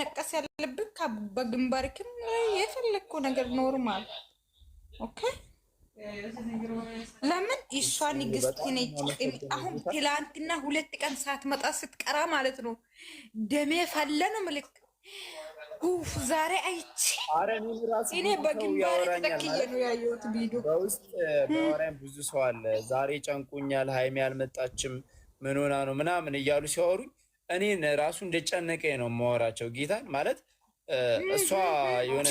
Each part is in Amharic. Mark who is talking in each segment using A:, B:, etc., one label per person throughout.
A: ነቀስ ያለብህ በግንባር ክም የፈለግኩ ነገር ኖርማል። ኦኬ ለምን እሷ ንግስት ነች። አሁን ትላንትና ሁለት ቀን ሳትመጣ ስትቀራ ማለት ነው ደሜ ፈለ ነው ምልክ ጉፍ ዛሬ አይቺ እኔ በግንባር ተጠቅዬ ነው ያየሁት። ቪዲዮ
B: በውስጥ በወሬም ብዙ ሰው አለ። ዛሬ ጨንቁኛል፣ ሀይሜ አልመጣችም፣ ምን ሆና ነው ምናምን እያሉ ሲያወሩኝ እኔን ራሱ እንደጨነቀኝ ነው የማወራቸው ጌታን ማለት እሷ የሆነ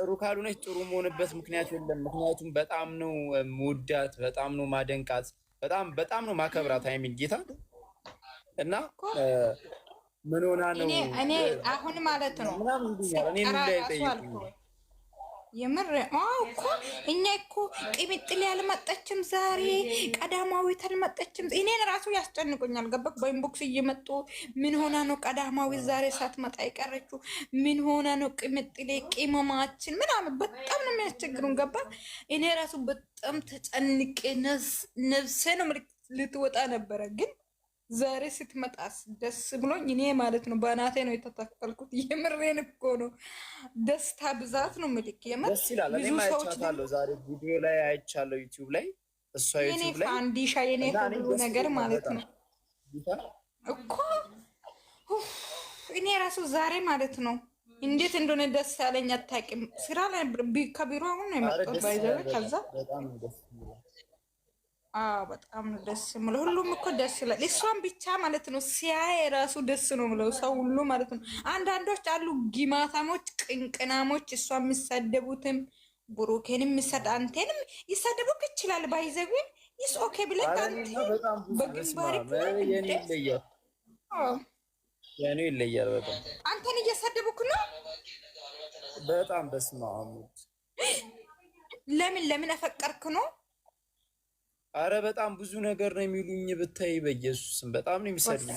B: ጥሩ ካልሆነች ጥሩ መሆንበት ምክንያት የለም። ምክንያቱም በጣም ነው ምውዳት፣ በጣም ነው ማደንቃት፣ በጣም በጣም ነው ማከብራት ሀይሚን ጌታ እና ምን ሆና ነው
A: እኔ አሁን ማለት ነው ምናምን እኔ ላይ ጠይቅ የምር እኮ እኛ እኮ ቅሚጥል ያልመጣችም ዛሬ ቀዳማዊት አልመጣችም። እኔን ራሱ ያስጨንቁኛል። ገባ በኢንቦክስ እየመጡ ምን ሆና ነው ቀዳማዊት ዛሬ ሳትመጣ የቀረችው? ምን ሆና ነው ቅሚጥሌ ቅመማችን ምናምን በጣም ነው የሚያስቸግሩን። ገባ እኔ ራሱ በጣም ተጨንቄ ነፍሴ ነው ልትወጣ ነበረ ግን ዛሬ ስትመጣስ ደስ ብሎኝ እኔ ማለት ነው በእናቴ ነው የተተከልኩት። የምሬን እኮ ነው። ደስታ ብዛት ነው ምልክ ደስ
B: ይላል። ዛሬ ቪዲዮ ላይ አይቻለሁ ዩቲዩብ ላይ እሷ ዩቲዩብ ላይ
A: ፋንዲሻ የኔ ሁሉ ነገር ማለት ነው እኮ እኔ ራሱ ዛሬ ማለት ነው እንዴት እንደሆነ ደስ ያለኝ አታውቂም። ስራ ላይ ከቢሮ አሁን ነው የመጣሁት ባይዘ ከዛ በጣም ነው ደስ የምለው። ሁሉም እኮ ደስ ይላል። እሷን ብቻ ማለት ነው ሲያይ ራሱ ደስ ነው ምለው ሰው ሁሉ ማለት ነው። አንዳንዶች አሉ ጊማታሞች፣ ቅንቅናሞች እሷ የሚሳደቡትም ብሩኬንም ይሰድ አንቴንም ይሳደቡክ ይችላል። ባይዘጉ ይስ ኦኬ ብለህ አንተ በግንባሪክ
B: ያኔ ይለያል። በጣም
A: አንተን እየሰደቡክ ነው
B: በጣም በስመ
A: ለምን ለምን አፈቀርክ ነው
B: አረ በጣም ብዙ ነገር ነው የሚሉኝ። ብታይ በኢየሱስም በጣም ነው የሚሰድቡ።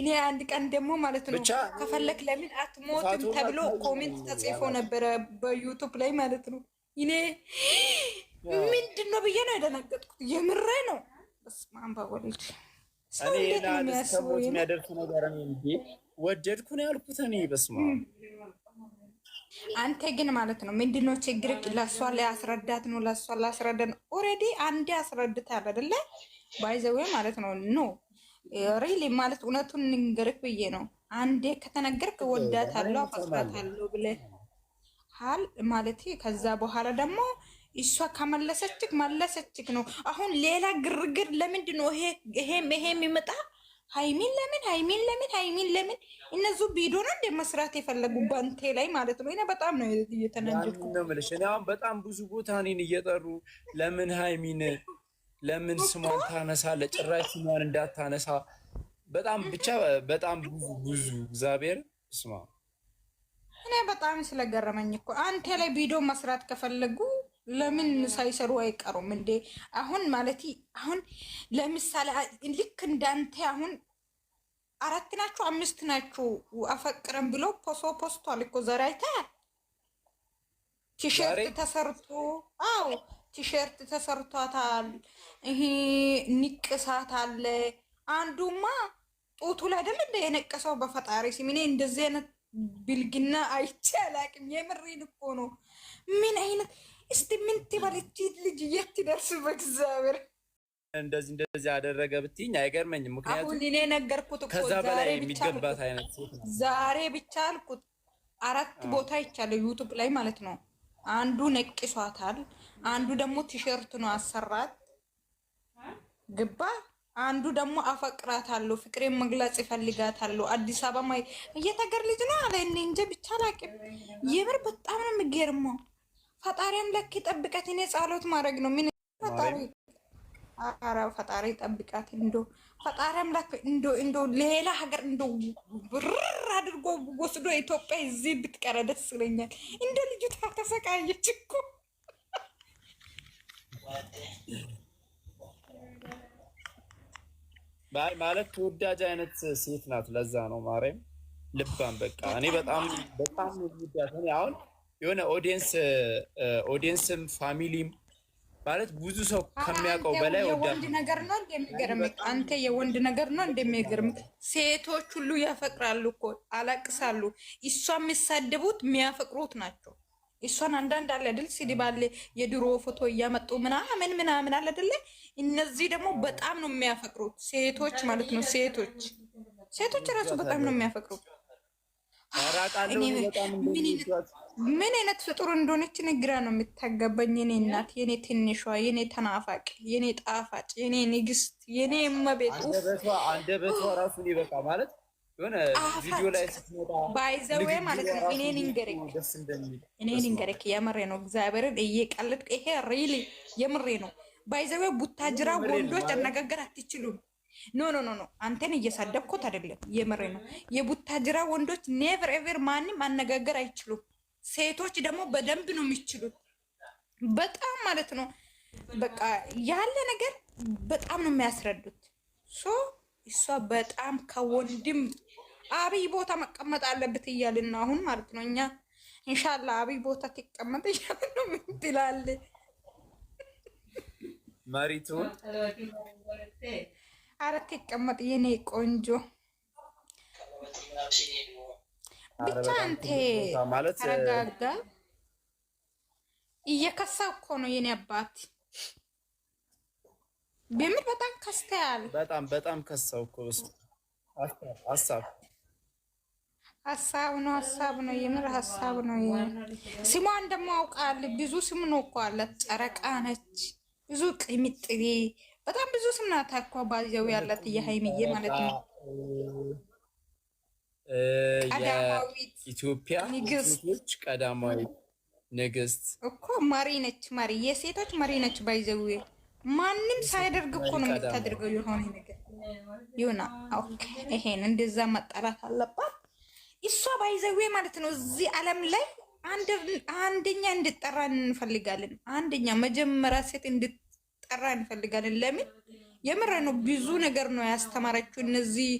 A: እኔ አንድ ቀን ደግሞ ማለት ነው ከፈለክ ለምን አትሞትም ተብሎ ኮሜንት ተጽፎ ነበረ በዩቱብ ላይ ማለት ነው። እኔ ምንድን ነው ብዬ ነው የደነገጥኩት። የምሬ ነው። በስመ አብ ወወልድ
B: እኔ ለሞት የሚያደርስ ነገር ወደድኩ ነው ያልኩት እኔ በስማ
A: አንተ ግን ማለት ነው ምንድነው ችግር? ለእሷ ላይ አስረዳት ነው ለእሷ ላይ አስረዳት ነው። ኦልሬዲ አንዴ አስረድት አይደለ? ባይዘዌ ማለት ነው ኖ ሪሊ ማለት እውነቱን ንገርክ ብዬ ነው። አንዴ ከተነገርክ ወዳት ወዳታለሁ አፈቅራታለሁ ብለ ሀል ማለት ከዛ በኋላ ደግሞ እሷ ከመለሰችክ መለሰችክ ነው። አሁን ሌላ ግርግር ለምንድን ነው ይሄ ይሄ የሚመጣ ሀይሚን ለምን ሀይሚን ለምን ሀይሚን ለምን እነሱ ቪዲዮ ነው እንደ መስራት የፈለጉ ባንቴ ላይ ማለት ነው። በጣም ነው
B: እየተናጀኩ ነው የምልሽ። እኔ አሁን በጣም ብዙ ቦታ እኔን እየጠሩ ለምን ሀይሚን ለምን ስሟን ታነሳለ? ጭራሽ ስሟን እንዳታነሳ በጣም ብቻ በጣም ብዙ ብዙ እግዚአብሔር ስማ።
A: እኔ በጣም ስለገረመኝ እኮ አንቴ ላይ ቪዲዮ መስራት ከፈለጉ ለምን ሳይሰሩ አይቀሩም እንዴ? አሁን ማለት አሁን ለምሳሌ ልክ እንዳንተ አሁን አራት ናችሁ አምስት ናችሁ አፈቅረን ብሎ ፖሶ ፖስቷል እኮ ዛሬ አይተሃል። ቲሸርት ተሰርቶ አዎ፣ ቲሸርት ተሰርቷታል። ይሄ ንቅሳት አለ። አንዱማ ጡቱ ላይ አይደል እንደ የነቀሰው በፈጣሪ ስም። እኔ እንደዚህ አይነት ብልግና አይቼ አላቅም። የምሬን እኮ ነው። ምን አይነት እስቲ ምን ትበልች ልጅ የት ደርስ? በእግዚአብሔር
B: እንደዚህ እንደዚህ አደረገ ብትይኝ አይገርመኝም። ምክንያቱም አሁን
A: እኔ ነገርኩት እኮ
B: ከዛ በላይ የሚገባት አይነት ሴት
A: ነው። ዛሬ ብቻ አልኩት። አራት ቦታ ይቻለ ዩቱብ ላይ ማለት ነው። አንዱ ነቅሷታል፣ አንዱ ደግሞ ቲሸርት ነው አሰራት ግባ፣ አንዱ ደግሞ አፈቅራታለሁ፣ ፍቅሬን መግለጽ ይፈልጋታለሁ። አዲስ አበባ ማይ እየተገር ልጅ ነው አለ። እንጀ ብቻ አላውቅም። የምር በጣም ነው የሚገርመው። ፈጣሪ አምላክ ጠብቃት። እኔ ጸሎት ማድረግ ነው ምን ፈጣሪ አረ ፈጣሪ ጠብቃት። እንዶ ፈጣሪ አምላክ እንዶ እንዶ ሌላ ሀገር እንዶ ብርር አድርጎ ወስዶ ኢትዮጵያ እዚህ ብትቀረ ደስ ይለኛል። እንደ ልጅቷ ተሰቃየች እኮ
B: ማለት ተወዳጅ አይነት ሴት ናት። ለዛ ነው ማርያም ልባም በቃ እኔ በጣም በጣም ነው አሁን የሆነ ኦዲየንስ ኦዲየንስም ፋሚሊም ማለት ብዙ ሰው
A: ከሚያውቀው በላይ ወንድ ነገር ነው እንደሚገርም አንተ የወንድ ነገር ነው እንደሚገርም ሴቶች ሁሉ ያፈቅራሉ እኮ አላቅሳሉ። እሷ የሚሳደቡት የሚያፈቅሩት ናቸው። እሷን አንዳንድ አለ አይደል ስድብ አለ፣ የድሮ ፎቶ እያመጡ ምናምን ምናምን አለ አይደለ። እነዚህ ደግሞ በጣም ነው የሚያፈቅሩት ሴቶች ማለት ነው። ሴቶች ሴቶች ራሱ በጣም ነው የሚያፈቅሩት። ምን አይነት ፍጡር እንደሆነች ንግራ ነው የምታገባኝ። የኔ እናት፣ የኔ ትንሿ፣ የኔ ተናፋቂ፣ የኔ ጣፋጭ፣ የኔ ንግስት፣ የኔ እመቤት
B: አንደበቷ ራሱን ይበቃ ማለት
A: ባይዘዌ ማለት ነው። እኔ ንገረክ እኔ ንገረክ የምሬ ነው። እግዚአብሔርን እየቀለድክ ይሄ ሪሊ የምሬ ነው። ባይዘዌ ቡታጅራ ወንዶች አነጋገር አትችሉም። ኖ ኖ ኖ ኖ አንተን እየሳደብኩት አይደለም፣ የምሬ ነው። የቡታጅራ ወንዶች ኔቨር ኤቨር ማንም አነጋገር አይችሉም። ሴቶች ደግሞ በደንብ ነው የሚችሉት። በጣም ማለት ነው በቃ ያለ ነገር በጣም ነው የሚያስረዱት። ሶ እሷ በጣም ከወንድም አብይ ቦታ መቀመጥ አለበት እያልን አሁን ማለት ነው እኛ እንሻላ አብይ ቦታ ትቀመጥ እያልን ነው ምትላለ መሪቱ አረ ትቀመጥ የኔ ቆንጆ ብቻ አንተ ተረጋጋ። እየከሳ እኮ ነው የኔ አባት፣ በምር በጣም ከስተያል።
B: በጣም በጣም ከሳው እኮ ሀሳብ
A: ሀሳብ ነው ሀሳብ ነው የምር ሀሳብ ነው። ስሟን ደግሞ አውቃል። ብዙ ስም ነው እኮ አላት። ጨረቃ ነች፣ ብዙ ቅሚጥሪ፣ በጣም ብዙ ስም ናት እኮ ባየው ያላት የሀይሚዬ ማለት ነው
B: የኢትዮጵያ
A: ንግስቶች
B: ቀዳማዊ ንግስት
A: እኮ መሪ ነች። መሪ የሴቶች መሪ ነች። ባይዘዌ ማንም ሳያደርግ እኮ ነው የምታደርገው። የሆነ ነገር ይሁና። ኦኬ ይሄን እንደዛ መጠራት አለባት። እሷ ባይዘዌ ማለት ነው እዚህ ዓለም ላይ አንደኛ እንድጠራ እንፈልጋለን። አንደኛ መጀመሪያ ሴት እንድጠራ እንፈልጋለን። ለምን የምረ ነው ብዙ ነገር ነው ያስተማረችው እነዚህ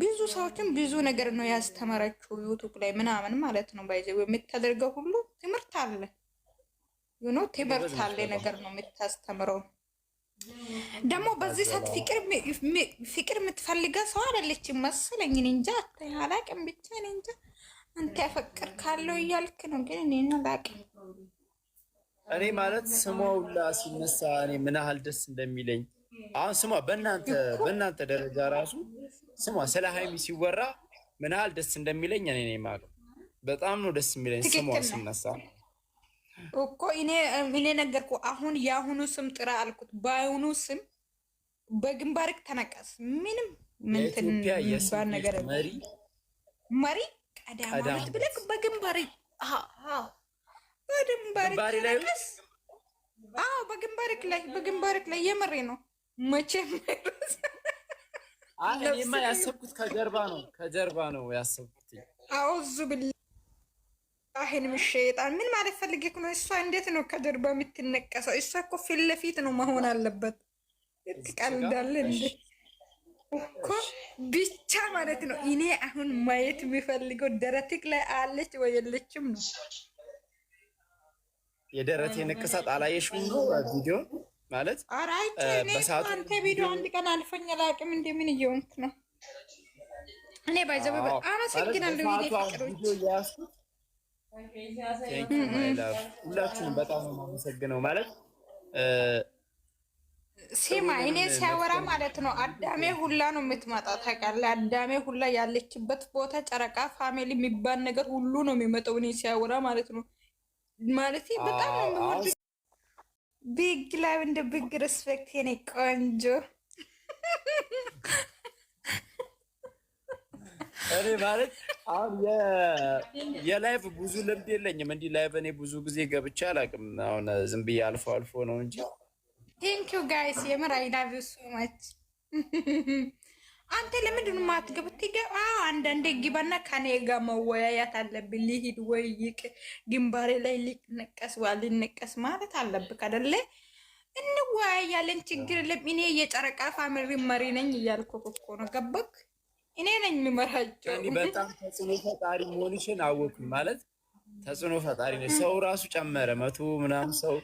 A: ብዙ ሰዎችን ብዙ ነገር ነው ያስተማረችው ዩቱብ ላይ ምናምን ማለት ነው። ባይዘ የምታደርገው ሁሉ ትምህርት አለ ዩኖ ትምህርት አለ ነገር ነው የምታስተምረው። ደግሞ በዚህ ሰዓት ፍቅር የምትፈልገ ሰው አለች መሰለኝ። እንጃ አላቅም፣ ብቻ እንጃ አንተ ያፈቅር ካለው እያልክ ነው፣ ግን እኔ አላቅም።
B: እኔ ማለት ስሟ ሁላ ሲነሳ እኔ ምን ያህል ደስ እንደሚለኝ አሁን ስማ፣ በእናንተ በእናንተ ደረጃ ራሱ ስማ፣ ስለ ሀይሚ ሲወራ ምን ያህል ደስ እንደሚለኝ እኔ ነኝ የማውቀው። በጣም ነው ደስ የሚለኝ ስሟ ሲነሳ
A: እኮ እኔ እኔ ነገርኩ። አሁን የአሁኑ ስም ጥራ አልኩት። በአሁኑ ስም በግንባርክ ተነቀስ። ምንም
B: ምንትን የሚባል ነገር መሪ
A: መሪ ቀዳማት ብለክ በግንባሪ በግንባሪ ላይ በግንባርክ ላይ በግንባርክ ላይ የመሬ ነው መቼም
B: እኔማ ያሰብኩት ከጀርባ ነው፣ ከጀርባ ነው ያሰብኩት።
A: አውዙ ብላሂን ምሸጣን ምን ማለት ፈልጌ ነው። እሷ እንዴት ነው ከጀርባ የምትነቀሰው? እሷ እኮ ፊት ለፊት ነው መሆን አለበት። ትቀልዳለህ እንዴ እኮ ብቻ ማለት ነው። እኔ አሁን ማየት የሚፈልገው ደረትክ ላይ አለች ወይ የለችም ነው።
B: የደረቴ ንቅሳት አላየሽም ቪዲዮ ማለት
A: በሰዓቱ አንተ ቪዲዮ አንድ ቀን አልፎኝ አላውቅም። እንደምን እየሆንክ ነው? እኔ ባይዘበ አመሰግናለሁ። ሁላችሁንም
B: በጣም ነው የማመሰግነው። ማለት
A: ሲማ እኔ ሲያወራ ማለት ነው አዳሜ ሁላ ነው የምትመጣ ታውቃለህ። አዳሜ ሁላ ያለችበት ቦታ ጨረቃ ፋሚሊ የሚባል ነገር ሁሉ ነው የሚመጣው እኔ ሲያወራ ማለት ነው ማለት በጣም ነው ቢግ ላይ እንደ ቢግ ሪስፔክት የኔ ቆንጆ
B: እኔ ማለት አሁን የላይፍ ብዙ ልምድ የለኝም። እንዲህ ላይቭ እኔ ብዙ ጊዜ ገብቼ አላውቅም። አሁን ዝም ብዬ አልፎ አልፎ ነው እንጂ
A: ዩ ጋይስ የምር አይ ላቭ ዩ ሶ ማች አንተ ለምንድን ነው የማትገቡት? ትገባ አንዳንዴ ግባና ከኔ ጋር መወያያት አለብን። ሊሂድ ወይ ይቅ ግንባሬ ላይ ሊነቀስ ዋ ሊነቀስ ማለት አለብክ አደለ? እንወያያለን፣ ችግር የለም። እኔ የጨረቃ ፋሚሊ መሪ ነኝ እያልኩ እኮ ነው። ገባክ? እኔ ነኝ የምመራቸው።
B: በጣም ተጽዕኖ ፈጣሪ መሆንሽን አወኩኝ ማለት ተጽዕኖ ፈጣሪ ነኝ። ሰው ራሱ ጨመረ መቶ ምናምን ሰው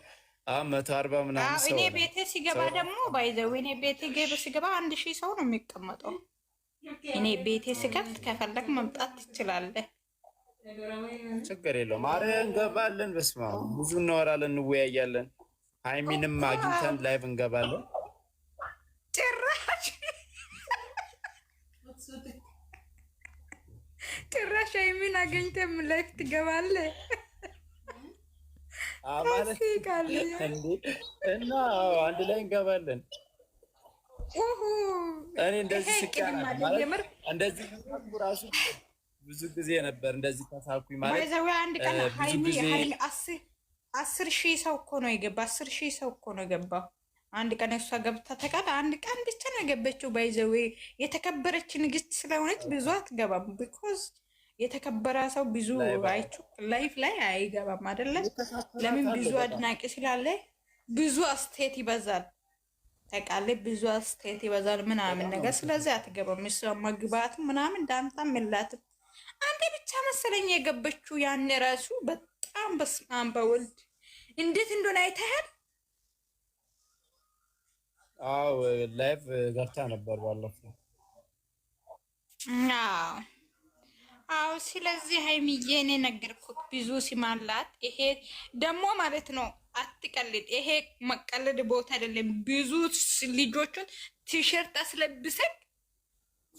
B: መቶ አርባ ምናምን ሰው
A: እኔ ቤቴ ሲገባ ደግሞ ባይዘው እኔ ቤቴ ገብ ሲገባ አንድ ሺህ ሰው ነው የሚቀመጠው። እኔ ቤቴ ስከፍት ከፈለግ መምጣት ትችላለህ፣
B: ችግር የለውም። አረ እንገባለን። በስማ ብዙ እናወራለን፣ እንወያያለን። ሃይሚንም አግኝተን ላይቭ እንገባለን።
A: ጭራሽ ጭራሽ ሃይሚን አግኝተን ላይቭ ትገባለህ።
B: እና አንድ ላይ እንገባለን። እኔ እንደዚህ
A: ስቀና
B: ራሱ ብዙ ጊዜ ነበር እንደዚህ ማለት
A: አንድ ቀን ሀይሚ አስር ሺህ ሰው እኮ ነው የገባ። አስር ሺህ ሰው እኮ ነው የገባው። አንድ ቀን እሷ ገብታ ተቃል አንድ ቀን ብቻ ነው የገበችው። ባይዘዌ የተከበረች ንግስት ስለሆነች ብዙ አትገባም ቢኮዝ የተከበረ ሰው ብዙ አይቹ ላይፍ ላይ አይገባም አይደለም። ለምን ብዙ አድናቂ ስላለ ብዙ አስቴት ይበዛል። ተቃለ ብዙ አስቴት ይበዛል ምናምን ነገር ስለዚህ አትገባም። እሷ መግባት ምናምን ዳንታ የላትም። አንዴ ብቻ መሰለኝ የገበችው ያን ራሱ በጣም በስማም በወልድ እንዴት እንደሆነ አይተሃል?
B: አዎ ላይፍ ገብታ ነበር ባለፈው።
A: አዎ አዎ። ስለዚህ ሀይሚዬ እኔ ነገርኩት ብዙ ሲማላት ይሄ ደግሞ ማለት ነው። አትቀልድ። ይሄ መቀለድ ቦታ አይደለም። ብዙ ልጆቹን ቲሸርት አስለብሰን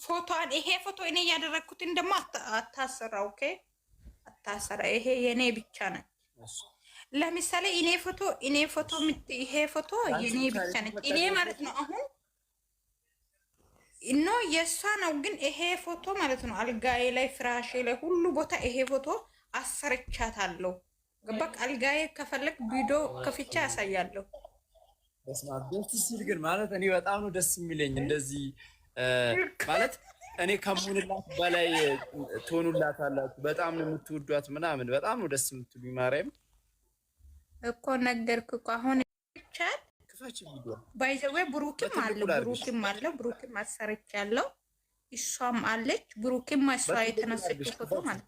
A: ፎቶን ይሄ ፎቶ እኔ እያደረግኩትን ደግሞ አታሰራ። ኦኬ፣ አታሰራ። ይሄ የእኔ ብቻ ነው። ለምሳሌ እኔ ፎቶ እኔ ፎቶ ይሄ ፎቶ የኔ ብቻ ነች። እኔ ማለት ነው አሁን ኖ የእሷ ነው። ግን ይሄ ፎቶ ማለት ነው አልጋዬ ላይ ፍራሼ ላይ ሁሉ ቦታ ይሄ ፎቶ አለው። በቃ አልጋዬ ከፈለግ ቪዲዮ ከፍቻ ያሳያለሁ።
B: ደስ ሲል ግን ማለት እኔ በጣም ነው ደስ የሚለኝ እንደዚህ ማለት እኔ ከምሆንላት በላይ ትሆኑላት አላችሁ። በጣም ነው የምትወዷት ምናምን በጣም ነው ደስ የምትሉ ማርያም
A: እኮ ነገርክ እኮ አሁን ክፈች ባይዘዌ ብሩክም አለ ብሩክም አለ ብሩክም አሰረች ያለው እሷም አለች ብሩክም እሷ የተነሰች ፎቶ ማለት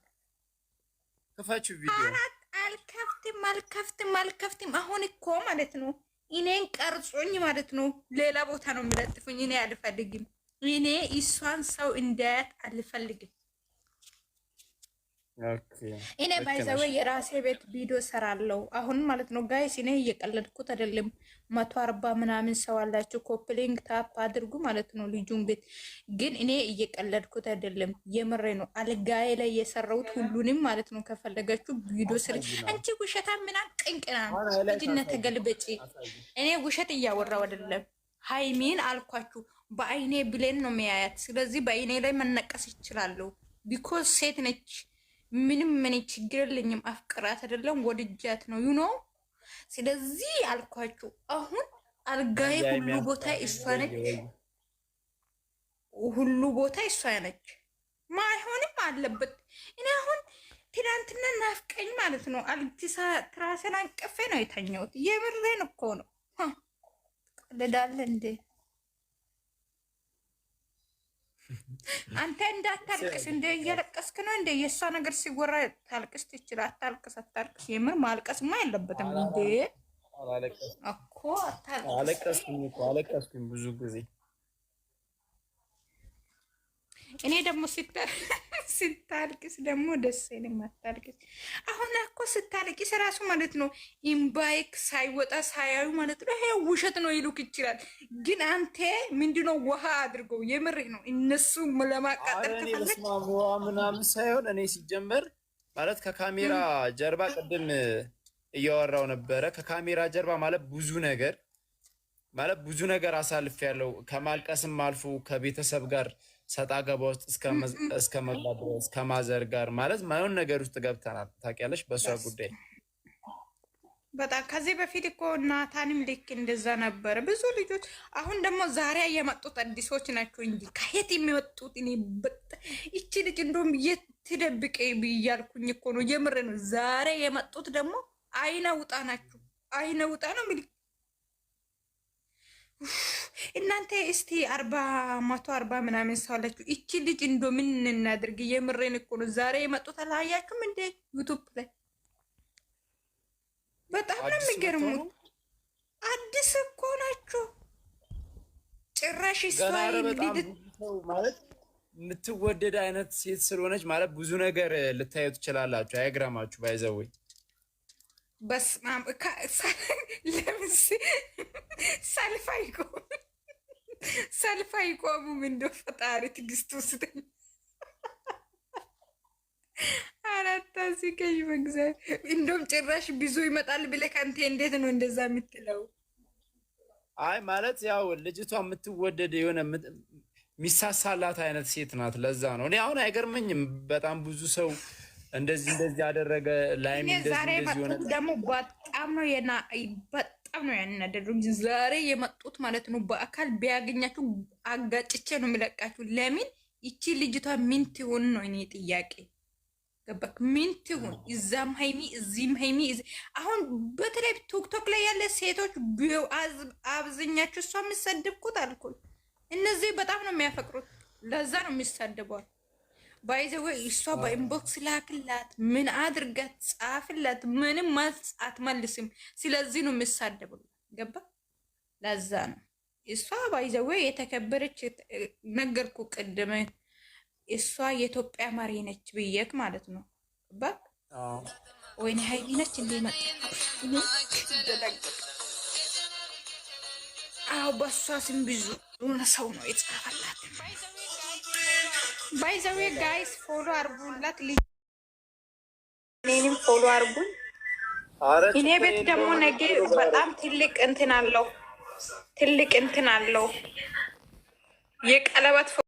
A: ክፈች ቪዲዮ አራት አልከፍትም አልከፍትም አልከፍትም። አሁን እኮ ማለት ነው እኔን ቀርጾኝ ማለት ነው ሌላ ቦታ ነው የሚለጥፉኝ። እኔ አልፈልግም። እኔ እሷን ሰው እንዳያት አልፈልግም። እኔ ባይዘዌ የራሴ ቤት ቪዲዮ ሰራለው አሁን ማለት ነው ጋይስ። እኔ እየቀለድኩት አይደለም። መቶ አርባ ምናምን ሰው አላችሁ። ኮፕሊንግ ታፕ አድርጉ ማለት ነው ልጁን ቤት ግን እኔ እየቀለድኩት አይደለም። የምሬ ነው። አልጋዬ ላይ የሰራሁት ሁሉንም ማለት ነው። ከፈለጋችሁ ቪዲዮ ስር አንቺ ውሸታ ምናም ቅንቅና ልጅነት ተገልበጪ። እኔ ውሸት እያወራው አይደለም። ሀይሚን አልኳችሁ በአይኔ ብሌን ነው የሚያያት። ስለዚህ በአይኔ ላይ መነቀስ ይችላለሁ ቢኮዝ ሴት ነች። ምንም እኔ ችግር የለኝም። አፍቅራት አይደለም ወድጃት ነው ዩኖ። ስለዚህ አልኳችሁ አሁን አልጋዬ ሁሉ ቦታ እሷ ነች፣ ሁሉ ቦታ እሷ ነች። ማይሆንም አለበት። እኔ አሁን ትናንትና ናፍቀኝ ማለት ነው። አልቲሳ ትራሴን አንቀፌ ነው የተኛሁት። የምሬን እኮ ነው። ቀልዳለ እንዴ አንተ እንዳታልቅስ እንደ እያለቀስክ ነው። እንደ የእሷ ነገር ሲወራ ታልቅስ ትችል። አታልቅስ፣ አታልቅስ። የምር ማልቀስማ የለበትም እንዴ እኮ
B: አታልቅስ። አለቀስኩኝ እኮ አለቀስኩኝ ብዙ ጊዜ
A: እኔ ደግሞ ስታልቅስ ደግሞ ደስ አይልም። አታልቅስ። አሁን እኮ ስታልቅስ ራሱ ማለት ነው ኢምባይክ ሳይወጣ ሳያዩ ማለት ነው ይሄ ውሸት ነው ይሉክ ይችላል። ግን አንተ ምንድነው ውሃ አድርገው የምር ነው እነሱ
B: ለማቃጠል ምናምን ሳይሆን እኔ ሲጀመር ማለት ከካሜራ ጀርባ ቅድም እያወራው ነበረ። ከካሜራ ጀርባ ማለት ብዙ ነገር ማለት ብዙ ነገር አሳልፍ ያለው ከማልቀስም አልፎ ከቤተሰብ ጋር ሰጣ ገባ ውስጥ እስከ መግባት ድረስ ከማዘር ጋር ማለት ማይሆን ነገር ውስጥ ገብተናል። ታውቂያለሽ፣ በእሷ ጉዳይ
A: በጣም ከዚህ በፊት እኮ ናታንም ልክ እንደዛ ነበረ። ብዙ ልጆች አሁን ደግሞ ዛሬ የመጡት አዲሶች ናቸው እንጂ ከየት የሚመጡት እኔ ይቺ ልጅ እንደውም የትደብቀ ብያልኩኝ እኮ ነው። የምር ነው። ዛሬ የመጡት ደግሞ አይነ ውጣ ናቸው። አይነ ውጣ ነው ሚልክ እናንተ እስቲ አርባ መቶ አርባ ምናምን ሰው አላችሁ። እቺ ልጅ እንዶ ምን እናድርግ? የምሬን እኮ ነው። ዛሬ የመጡት አላያችሁም እንዴ? ዩቱብ ላይ በጣም ነው የሚገርሙት። አዲስ እኮ ናችሁ ጭራሽ
B: ማለት የምትወደድ አይነት ሴት ስለሆነች ማለት ብዙ ነገር ልታዩ ትችላላችሁ። አይግራማችሁ ባይዘወይ
A: በስማም ለምስ ሳልፋ ይቆም ሰልፍ አይቆሙም። እንደው ፈጣሪ ትግስት ውስጥ አራት አስቀኝ መግዛት እንደውም ጭራሽ ብዙ ይመጣል ብለህ ከአንተ እንዴት ነው እንደዛ የምትለው?
B: አይ ማለት ያው ልጅቷ የምትወደድ የሆነ የሚሳሳላት አይነት ሴት ናት። ለዛ ነው እኔ አሁን አይገርመኝም። በጣም ብዙ ሰው እንደዚህ እንደዚህ ያደረገ ላይም
A: ደግሞ በጣም ነው በጣም ነው ያናደደኝ። ዛሬ የመጡት ማለት ነው። በአካል ቢያገኛችሁ አጋጭቼ ነው የሚለቃችሁ። ለምን ይቺ ልጅቷ ምን ትሆን ነው እኔ ጥያቄ ገባክ? ምን ትሆን እዛም ሀይሚ እዚህም ሀይሚ። አሁን በተለይ ቶክቶክ ላይ ያለ ሴቶች አብዝኛችሁ እሷ የሚሰድብኩት አልኩኝ። እነዚህ በጣም ነው የሚያፈቅሩት፣ ለዛ ነው የሚሳደቧል። ባይዘወይ እሷ በኢንቦክስ ላክላት፣ ምን አድርገት ጻፍላት፣ ምንም መልስ አትመልስም። ስለዚህ ነው የምሳደበው። ገባ? ለዛ ነው እሷ ባይዘወይ የተከበረች ነገርኩ። ቅድም እሷ የኢትዮጵያ መሪ ነች ብዬክ ማለት ነው። ገባ? ወይኔ ሀይሊ ነች እንዴ መጣ። አዎ በእሷ ስም ብዙ ሰው ነው የጻፈላት ባይ ዘ ዌይ ጋይስ ፎሎ አርጉላት። ልጅ እኔንም ፎሎ አርጉኝ። እኔ ቤት ደግሞ ነገ በጣም ትልቅ እንትን አለው፣ ትልቅ እንትን አለው የቀለበት